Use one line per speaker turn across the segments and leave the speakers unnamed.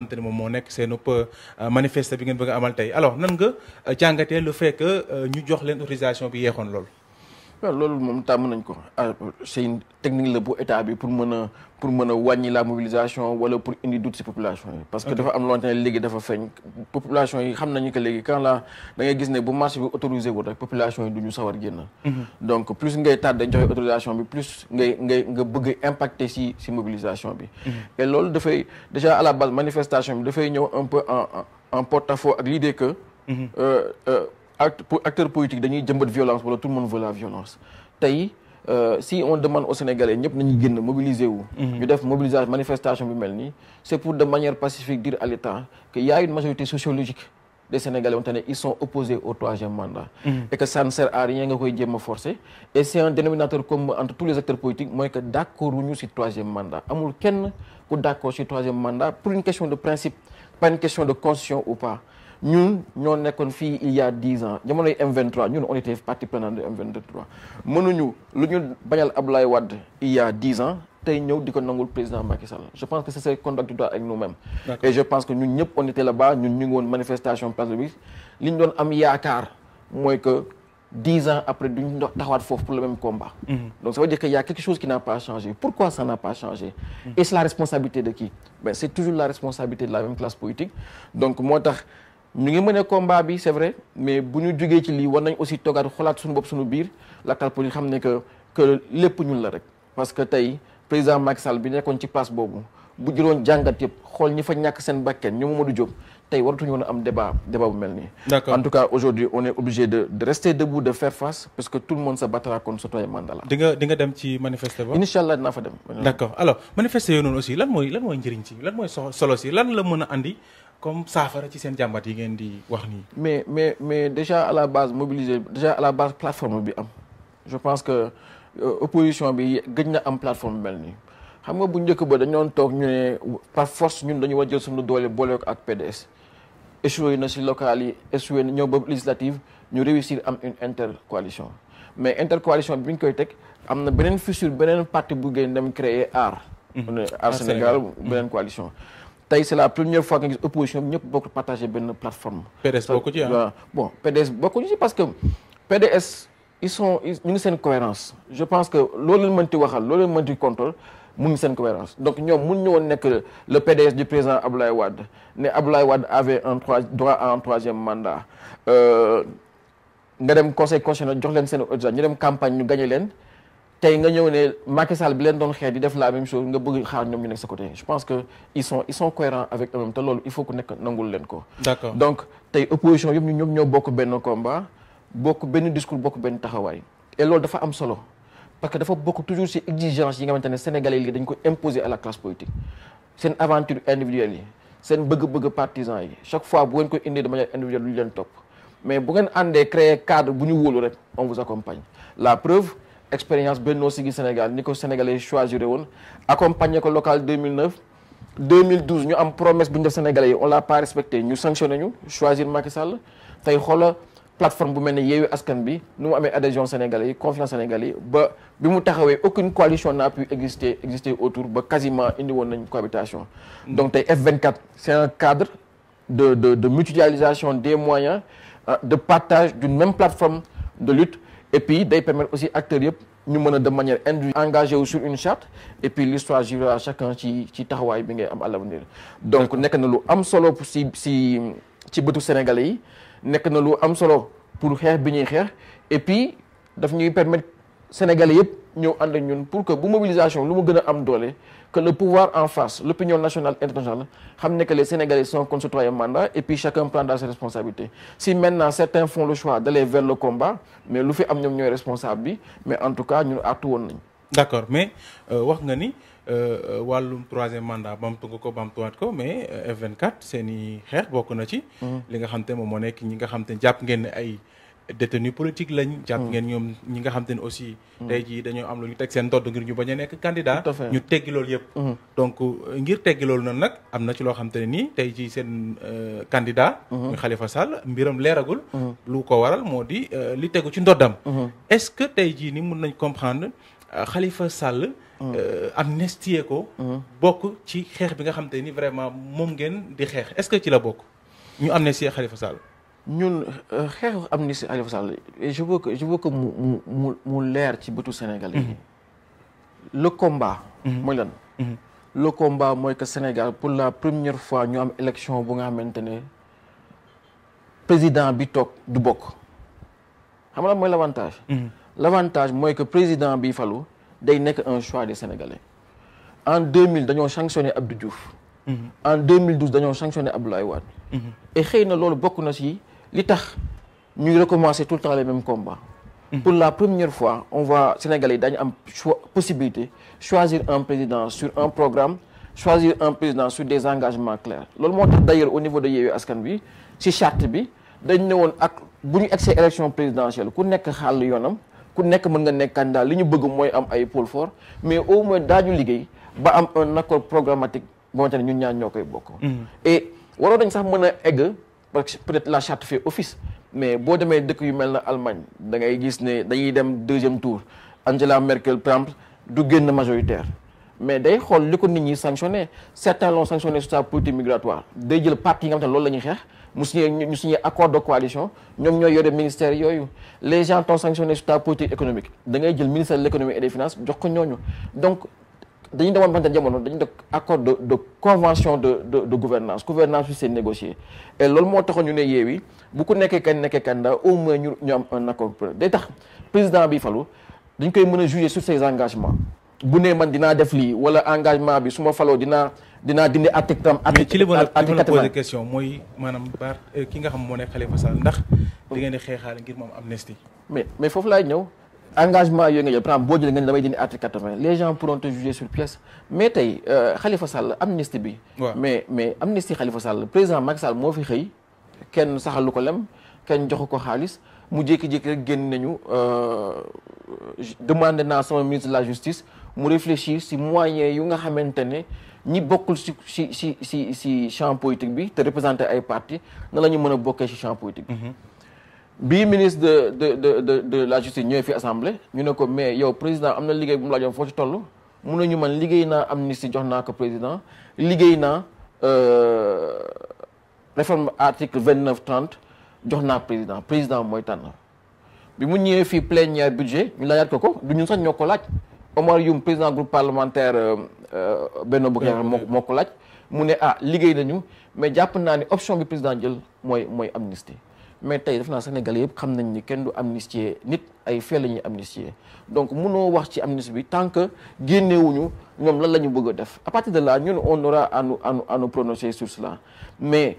xamante ne moom moo nekk seenub euh, manifeste bi ngeen bëgg amal tey alors nan nga euh, jàngatee lu fait que euh, ñu jox leen autorisation bi yeexoon loolu
waaw loolu moom tàmm nañ ko ah, c'est technique la bu état bi pour mën a pour mën a wàññi la mobilisation wala pour indi doute ci population yi parce que dafa am loonte léegi dafa feeñ population yi xam nañu que léegi quand la da ngay gis ne bu marché bi autorisé wul rek population yi du sawar génn mhm. donc plus ngay tardé dañ autorisation bi plus ngay ngay nga bëgg a impacter ci ci mobilisation bi mhm. et loolu dafay déjà à la base manifestation bi dafay ñëw un peu acteurs politiques dañuy jëmbat violence wala tout le monde veut la violence tey euh, si on demande aux Sénégalais ñëpp nañu génn mobiliser mhm. ñu def mobilisation manifestation bi mel nii c'est pour de manière pacifique dire à l'État que y a une majorité sociologique des Sénégalais wante ne ils sont opposés au troisième mandat. Mhm. et que ça ne sert à rien nga koy jéem a forcer. et c'est un dénominateur commun entre tous les acteurs politiques mooy que d'accord wuñu ci ñun ñoo nekkoon fii il y a dix ans jamonoy M23 ñun on était partie prenante de M23 mënuñu lu ñu bañal Abdoulaye Wade il y a dix ans tey ñëw di ko nangul président Macky Sall je pense que c'est ce contradictoire avec nous-mêmes et je pense que ñun ñëpp on était là-bas ñun ñu ngi woon manifestation place bi li ñu am yaakaar mooy que dix ans après duñ taxawaat foofu pour le même combat mhm. donc ça veut dire que y a quelque chose qui n'a pas changé pourquoi mhm. la responsabilité de la responsabilité de moo tax ñu ngi mëne combat bi c'est vrai mais bu ñu jógee ci lii war nañ aussi toogaat xolaat suñu bopp suñu biir laataan pour ñu xam ne que que lépp ñun la rek parce que tey président Macky Sall bi nekkoon ci place boobu bu jëloon jàngat yëpp xool ñi fa ñàkk seen bakken ñoom Mamadou Diop tey waratuñu woon a am débat débat bu mel nii. d'accord en tout on est obligé de parce que tout le monde se battra contre ce troisième
nga dem ci manifester ba. incha allah dinaa fa dem. d'accord alors manifester yooyu noonu aussi lan lan mooy njëriñ solo si lan la mën a andi. comme saafara ci seen jàmbat yi ngeen di wax nii.
mais mais mais déjà à la base mobiliser déjà à la base plateforme bi am je pense que euh, opposition bi gëj na am plateforme mel nii xam nga bu njëkk ba dañoon toog ñu ne par force ñun dañu war jël suñu doole boole ko ak PDS échoué na si locales yi échoué na ñëw ba législative ñu réussir am une intercoalition mais intercoalition bi ñu koy teg am na beneen fissure beneen parti bu ngeen dem créer aar. Mmh. aar Sénégal mmh. beneen coalition. tey c'est la première fois nga gis opposition bi bokk partagé benn plateforme. PDS bokku ci ah bokku ci parce que PDS ils sont ñu ngi seen cohérence je pense que loolu leen mënti waxal loolu leen mënti contrôle mu ngi seen cohérence donc ñoom mun woon nekk le PDS du président Abdoulaye Wade ne Abdoulaye Wade avait un trois droit à un troisième mandat euh, nga dem conseil constitutionnel jox leen seen autorisation ñu dem campagne ñu gagné leen. tey nga ñëw ne Macky Sall bi leen doon xeet di def la même chose nga bëgg xaar ñoom ñu nekk sa côté je pense que ils te loolu il faut ku nekk nangul leen ko. d'accord donc tey opposition yëpp ñu ñoom ñoo bokk benn combat bokk benn discours bokk benn taxawaay et loolu dafa am solo parce que dafa bokk toujours si exigence yi nga xamante ne Sénégalais yi dañ ko imposer à la classe politique seen aventure individuelle yi seen bëgg-bëgg partisan yi chaque fois bu ngeen ko indee de manière individuelle leen topp mais bu ngeen àndee créer cadre bu ñu wóolu rek on la preuve. expérience benn Siggil Sénégal ni ko sénégalais choisir woon accompagner ko local 2009 2012 ñu am promesse bu ñu def sénégalais yi on l'a pas respecté ñu sanctionné ñu choisir Macky Sall tey xoola plateforme bu mel ni Yewwi Askan bi nu mu amee adhésion sénégalais yi confiance sénégalais yi ba bi mu taxawee aucune coalition n'a pu exister exister autour ba quasiment indi woon nañ cohabitation mm. donc tey F24 c'est un cadre de de de mutualisation des moyens euh, de partage d'une même de lutte et puis day permettre aussi acteur yëpp ñu mën a de manière individuelle engagé wu sur une charte et puis l'histoire jurera à chacun ci taxawaay bi ngay am à donc nekk na lu am solo si si ci bëtu sénégalais yi nekk na lu am solo pour xeex bi ñuy xeex et puis daf ñuy permettre Sénégalais yëpp ñëw ànd ak ñun pour que bu mobilisation lu mu gën a am doole que le pouvoir en face l'opinion nationale internationale xam ne que les Sénégalais sont contre ce troisième mandat et puis chacun prendra ses responsabilités si maintenant certains font le choix d'aller vers le combat mais lu fi am ñoom ñooy responsable bi mais en tout cas ñun artu woon nañ
d'accord mais euh, wax nga ni euh, euh, wàllum troisième mandat bamtu nga ko bamtuwaat ko mais F24 seen i xeex bokk na ci mm-hmm. li nga xam moom moo nekk ñi nga xam te jàpp ngeen ne ay détenu politique lañ. jàpp hmm. ngeen ñoom ñi nga xam te aussi. Hmm. tey ji dañoo am lu ñu teg seen ndodd ngir ñu bañ a nekk candidat. ñu teggi loolu yëpp. Hmm. donc euh, ngir teggi loolu noonu nag am na ci loo xam te ne nii tey jii seen euh, candidat. muy xalifa Sall mbiram leeragul. lu ko waral moo di euh, li tegu ci ndoddam. est-ce que tey jii ni mun nañ comprendre xalifa Sall. amnistie ko. bokk ci xeex bi nga xam te ni vraiment moom ngeen di xeex est-ce que ci la bokk ñu amnistie Khalifa Sall. ñun euh, xeex amnistie Aliou
Sall et je veux que je veux que mu mu leer ci bëtu Sénégal yi mm-hmm. le combat mm-hmm. mooy lan mm-hmm. le combat mooy que Sénégal pour la première fois ñu am élection bu nga xamante ne président bi toog du bokk xam nga mooy l'avantage l'avantage mooy que président bi falu day nekk un choix de Sénégalais en deux 2000 dañoo sanctionné du Diouf en 2012 dañoo sanctionné Abdoulaye Wade et xëy na loolu bokk na ci li tax ñuy recommencer tout le temps les mêmes combats. Mm-hmm. pour la première fois on voit Sénégalais yi dañu am choix possibilité choisir un président sur un programme choisir un président sur des engagements clairs loolu moo tax d'ailleurs au niveau de Yewwi Askan Wi ci charte bi dañ ne woon ak bu ñu egsee élection présidentielle ku nekk xàll yoonam ku nekk mën nga nekk candidat li ñu bëgg mooy am ay pole fort mais au moins ñu liggéey ba am un accord programmatique boo xamante ne ñun koy bokk. Mm-hmm. parce que peut-être la charte fait office mais boo demee dëkk yu mel na Allemagne da ngay gis ne dañuy dem deuxième tour Angela Merkel par exemple du génn majoritaire mais day xool li ko nit ñi sanctionné certains l'ont sanctionné sur sa politique migratoire day jël parti yi nga xam ne loolu la ñuy xeex mu suñee ñu signé accord de coalition ñoom ñooy yore ministère yooyu les gens t'ont sanctionné sur ta politique économique da ngay jël ministère de l'économie et des finances jox ko ñooñu donc dañu demoon bante jamono dañu def accord de de convention de gouvernance gouvernance bi c'est négocié et loolu moo taxoon ñu ne yeewi bu ko nekkee kan nekkee candidat au moins ñu ñu am un accord day tax président bi falu dañ koy mën a juger su ses engagement bu nee man dinaa def lii wala engagement bi su ma faloo dinaa dinaa dindi article tam article ci li ma la posé
question mooy maanaam baar euh, ki nga xam moo nekk Khalifa Sall ndax di ngeen di xeexaale ngir moom
amnistie mais mais foofu laay ñëw engagement yooyu nga jël par boo jëlee nga ne damay dindi article quatre-vingt les gens juger sur pièce mais tey xalifa euh, Sall amnistie bi. mais mais amnistie Khalifa Sall président Macky Sall moo fi xëy kenn saxalu ko lem kenn joxu ko xaalis mu jékki-jékki rek génn nañu euh, demandé naa sama ministre de la justice mu réfléchir si moyens yu nga xamante ne ñi bokkul si si si si si champ bi te représenté ay parti na la ñu mën a bokkee si champ politique bii ministre de de de de de la justice ñëwee fi assemblée ñu ne ko mais yow président am na liggéey bu mu laajoon foo ci toll mun ñu man liggéey naa amnistie jox naa ko président liggéey naa euh, réforme article vingt neuf trente jox naa président président mooy tànn bi mu ñëwee fii plénière budget ñu laajaat ko ko du ñu sax ñoo ko laaj Omar Youm président groupe parlementaire euh, benn Bokk moo moo ko laaj mu ne ah liggéey nañu mais jàpp naa ni option bi président jël mooy mooy amnistie mais tey def na Sénégalais yëpp xam nañ ni kenn du amnistier nit ay fee la ñuy amnistier donc munoo wax ci amnistie bi tant que génnewuñu ñoom lan la ñu bëgg a def à partir de la ñun on aura à nous à nous prononcer sur cela mais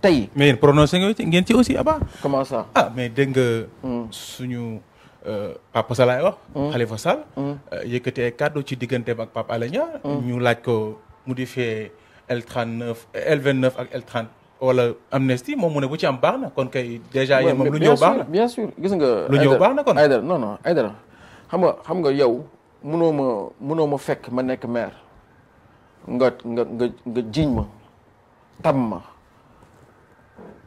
tey. mais yéen ngeen ci aussi Abba. comment ça ah mais dégg hmm. suñu euh, Papa Salaay wax. Hmm. Khalifa Sall. Hmm. Euh, yëkkati ay kàddu ci digganteem ak Pape Alé ñu laaj ko mu modifier L39 L29 ak L30. wala amnistie moom mu ne bu ci am baax na kon kay déjà yéen moom lu ñëw baax na
bien sûr gis nga lu ñëw baax na kon Aïdara non non Aïdara xam nga xam nga yow mënoo ma mënoo ma fekk ma nekk maire nga nga nga nga jiiñ ma tam ma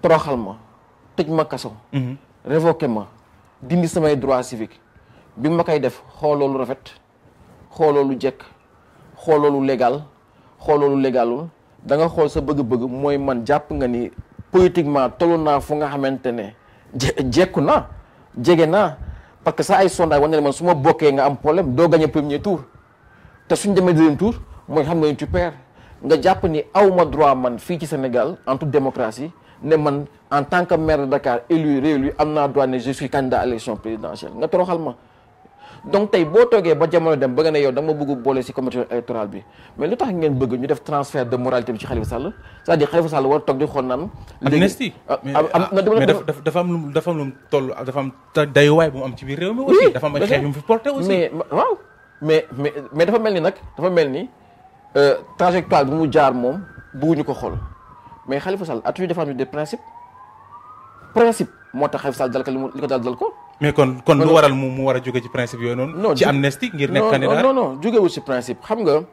toroxal ma tëj ma kaso mhm. révoqué ma dindi samay droit civique bi ma koy def xooloo lu rafet xooloo lu jekk xooloo lu légal xooloo lu légalul da nga xool sa bëgg-bëgg mooy man jàpp nga ni politiquement tollu naa fu nga xamante ne je jekku naa jege naa parce que sa ay sondage wane ne man su ma bokkee nga am problème doo gagné premier tour te suñ demee deuxième tour mooy xam nga ni tu perds nga jàpp ni aw ma droit man fii ci Sénégal en toute démocratie ne man en tant que maire de Dakar élu réélu am naa droit ne je suis candidat à présidentielle nga toroxal ma. donc tey boo toogee ba jamono dem bëgg na yow da nga bëgg boole si comité électoral bi mais lu tax ngeen bëgg ñu def transfert de moralité bi ci Khalifa Sall c'est-à-dire Khalifa Sall war toog di xool ah, ah, dafa am lu dafa am lu toll dafa am dayuwaay bu mu am ci biir réew mi. aussi dafa am ay xeex mu fi porté aussi. mais waaw mais mais dafa mel ni nag dafa mel ni euh, trajectoire bi mu jaar moom bëgguñu ko xool mais Khalifa Sall as-tu défendu des principes principe moo tax Khalifa Sall dal ko li ko dal ko.
mais kon kon lu waral mu mu war a jóge ci principe yooyu noonu. ci amnistie ngir nekk candidat non
non jógewul ci principe xam nga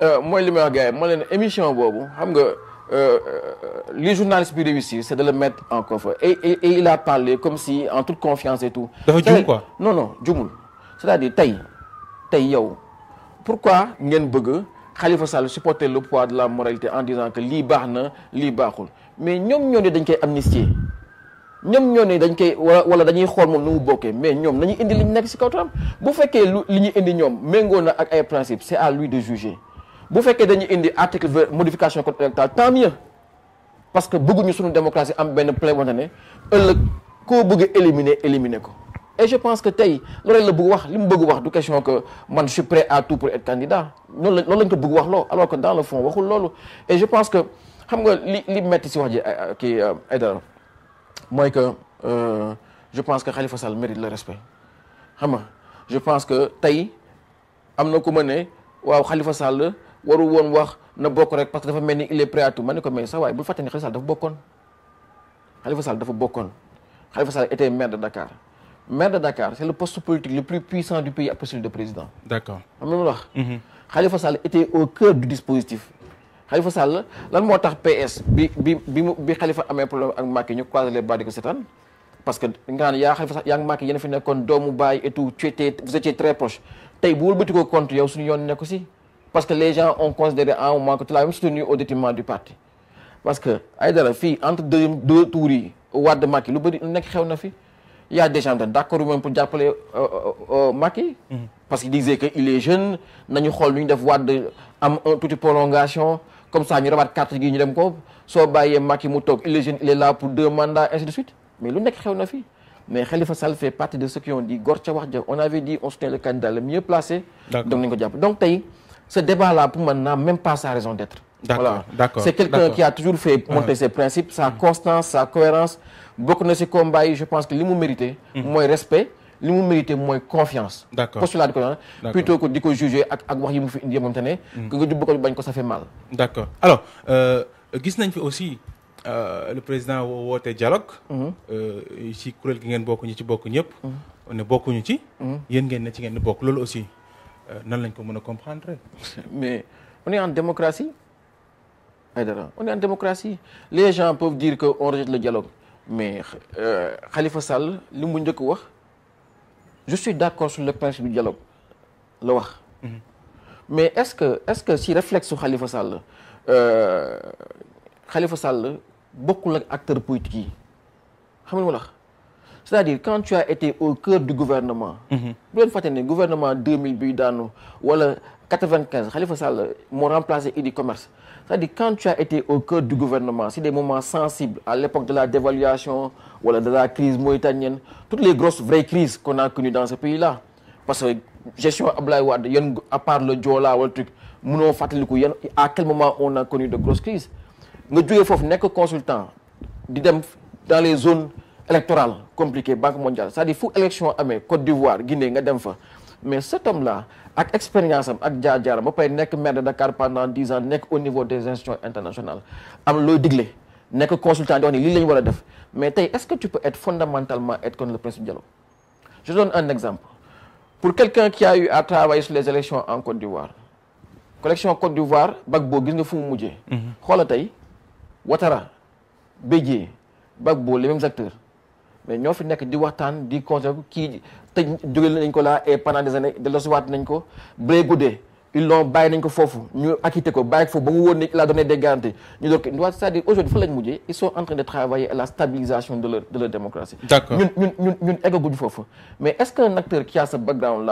euh, mooy li may wax gars yi ma leen émission boobu xam nga euh, euh, li journaliste bi réussir c'est de le mettre en confort et et il a parlé comme si en toute confiance et tout. dafa jum ko non non jumul c'est-à-dire tey tey yow pourquoi ngeen bëgg Khalifa Sall supporter le poids de la moralité en disant que lii baax na lii baaxul mais ñoom ñoo ne dañ koy amnistier. ñoom ñoo ne dañ koy wala dañuy xool moom nu mu bokkee mais ñoom nañu indi li ñu nekk si kaw tam bu fekkee lu li ñu indi ñoom méngoo na ak ay principe c'est à lui de juger bu fekkee dañuy indi article vingt modification code électoral tant parce que bëgguñu sunu démocratie am benn plénipotent ëllëg koo bëgg éliminer éliminer ko et je pense que tey loolu la bëgg wax li mu bëgg wax du question que man je suis prêt à tout pour être candidat noonu la loolu bëgg wax loo alors que dans le fond waxul loolu et je pense que xam nga li li metti si wax ji euh, kii euh, Aïdara mooy que euh, je pense que Khalifa Sall mérite le respect xam nga je pense que tey am na ku ma ne waaw Khalifa Sall waru woon wax na bokk rek parce que dafa mel ni il est prêt à tout ma ne ko mais sax waaye bul fàtte ni Khalifa Sall dafa bokkoon Khalifa Sall dafa bokkoon Khalifa Sall était maire de Dakar maire de Dakar c'est le poste politique le plus puissant du pays après celui de président. d'accord am na lu wax. Mhm. Khalifa Sall était au cœur du dispositif. Khalifa Sall lan moo tax PS bi bi bi bi Khalifa amee problème ak Macky ñu croiser les bras di ko seetaan parce que nga naan yaa Khalifa Sall yaa ngi Macky yéen fi nekkoon doomu baay et tout tu étais vous étiez très proche tey bu wëlbati ko compte suñu yoon nekk aussi parce que les gens ont considéré à un parce que fii entre deux deux tours yi Wade Macky lu bëri lu nekk xew na fi yaa a des gens d'accord même pour jàppale euh, euh, euh, Macky mm-hmm. parce qu'il disait que il est jeune nañu xool nu ñu def Wade am un tuuti prolongation comme ça ñu rabaat carte gi ñu dem ko mu toog il est jeune il est là pour deux mandats ainsi de suite mais lu nekk xew na fii mais Khalifa Sall fait partie de ceux qui ont dit gor ca on avait dit on soutient le candidat le mieux placé donc tey ce débat là pour man n'a même pas sa raison d'être
voilà c'est quelqu'un qui a
toujours fait montrer ses principes sa constance sa cohérence bokk na si combat yi je pense que li mu mérité mm-hmm. mooy respect li mu mérité mooy confiance. d'accord postulat di ko wax plutôt que di ko juger ak ak wax yi mu fi indi moom te ne. Mm. que nga jubbu ko bañ ko ça fait mal.
d'accord alors euh, gis nañ fi aussi euh, le président woote dialogue. Mm-hmm. Euh, ci kuréel gi ngeen bokkuñu ci bokk ñëpp. Mm-hmm. ne bokkuñu ci. Mm-hmm. yéen ngeen ne ci ngeen bokk loolu aussi nan lañ ko mën a comprendre.
mais one en démocratie. Aïdara on en démocratie les gens peuvent dire que on rejette le dialogue mais Khalifa Sall li mu njëkk wax. je suis d'accord sur le principe du dialogue la wax mm-hmm. mais est-ce que est-ce que si réflexe Khalifa Sall euh, Khalifa Sall bokkul ak acteur politique yi xam nga la c'est-à-dire quand tu as été au cœur du gouvernement mm-hmm. bu gouvernement 2000 wala 95 Khalifa Sall moo remplacé Idy Commerce c'est-à-dire quand tu as été au cœur du gouvernement c'est des moments sensibles à l'époque de la dévaluation wala de la crise mauritanienne toutes les grosses vraies crises qu'on a connues dans ce pays-là parce que gestion Abdoulaye Wade yéen à part le Joola wala truc mënoo fàttaliku yéen à quel moment on a connu de grosses crises nga jógee foofu nekk consultant di dem dans les zones électorales compliquées Banque mondiale c'est-à-dire fu amee Côte d'Ivoire Guinée nga dem fa mais cet homme-là ak expérience am ak jaar-jaaram ba pare nekk maire de Dakar pendant dix ans nekk au niveau des institutions internationales am looy digle nekk consultant di wax ni lii la ñu war a def mais tey est-ce que tu peux être fondamentalement être contre le principe du dialogue je donne un exemple pour quelqu'un qui a eu à travailler sur les élections en Côte d'Ivoire collection Côte d'Ivoire Gbagbo gis nga fu mu mujjee mhm. xoola tey Ouattara Bédié Gbagbo les mais ñoo fi nekk di waxtaan di conseil kii tëj dugal nañ ko là ko Blé Goudé ils l'ont bàyyi nañ ko foofu ñu acquitté ko bàyyi ko foofu ba mu wóor ne il a donné ñu doog ko cest dire aujourd'hui fa lañ mujjee ils sont en de travailler à la stabilisation de leur de leur démocratie. d'accord ñun ñun ñun ñun foofu mais est-ce qu'un acteur qui a ce background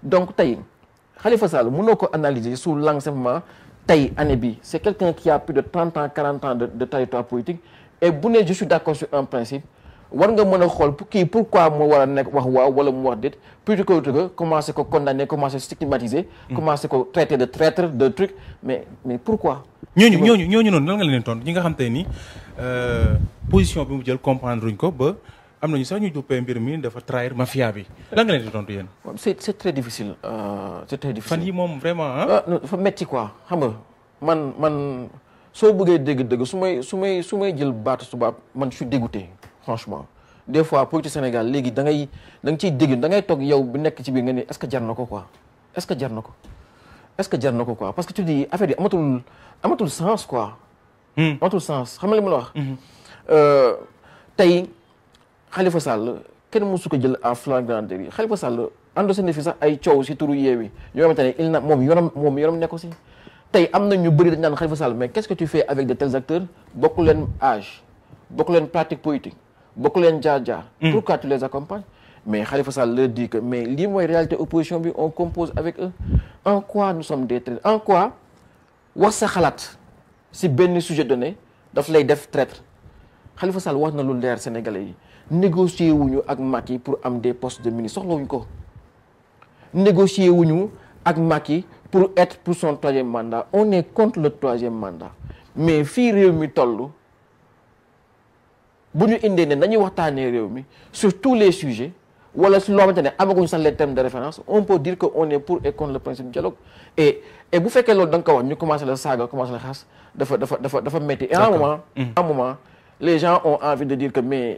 de 30 ans 40 ans de territoire politique et bu ne je suis d'accord sur un principe. war nga mën a xool kii pourquoi moo war a nekk wax waaw wala mu wax déet plutôt que que commencer ko condamner commencer stigmatiser. Mm. commencer ko traiter de traître de truc mais mais pourquoi. ñooñu ñooñu
ñooñu noonu lan nga leen tontu ñi nga xam te ni euh, position bi mu jël comprendre ruñ ko ba am nañu sax ñu duppee mbir mi dafa trair mafia bi lan nga leen di tontu yéen.
c'est c'est très difficile. Euh, c'est très difficile fan yi moom vraiment ah. dafa metti quoi xam nga man man soo bëggee dégg-dégg su may su may su may jël baatu subaab man je suis franchement des fois politique Sénégal léegi da ngay da nga ciy dégg ngay toog yow bu nekk ci biir nga ne est-ce que na ko quoi est que jar ko est-ce que na ko quoi parce que tu dis affaire yi amatul amatul sens quoi. Hmm. xam ma la wax. Hmm. Euh, tey Khalifa Sall kenn mësu ko jël à flagrant délit Khalifa Sall endossé na fi sax ay coow si turu Yewwi yoo moom yoonam moom nekk si. tey am na ñu bëri dañ naan Khalifa Sall mais qu'est-ce que tu fais avec de tels acteurs bokku leen âge bokku leen pratique politique. bokk leen jaar-jaar. pourquoi tu les accompagnes. mais Khalifa Sall leur dit mais lii mooy réalité opposition bi on compose avec eux en quoi nous sommes des traîtres en quoi wax sa xalaat si benn sujet donné daf lay def traître Khalifa wax na lu leer Sénégalais yi négocier wuñu ak Macky pour am des postes de ministre wuñ ko négocier wuñu ak Macky pour être pour son troisième mandat on est contre le troisième mandat mais fii réew mi toll. bu ñu indee ne nañuy waxtaanee réew mi sur tous les sujets wala si loo xamante ne amaguñ sax les termes de référence on peut dire que on est pour et le principe du dialogue et et bu fekkee loolu da nga ko wax ñu commencé la saaga commencé la xas dafa dafa dafa dafa métti moment mm. à moment les gens ont envie de dire que mais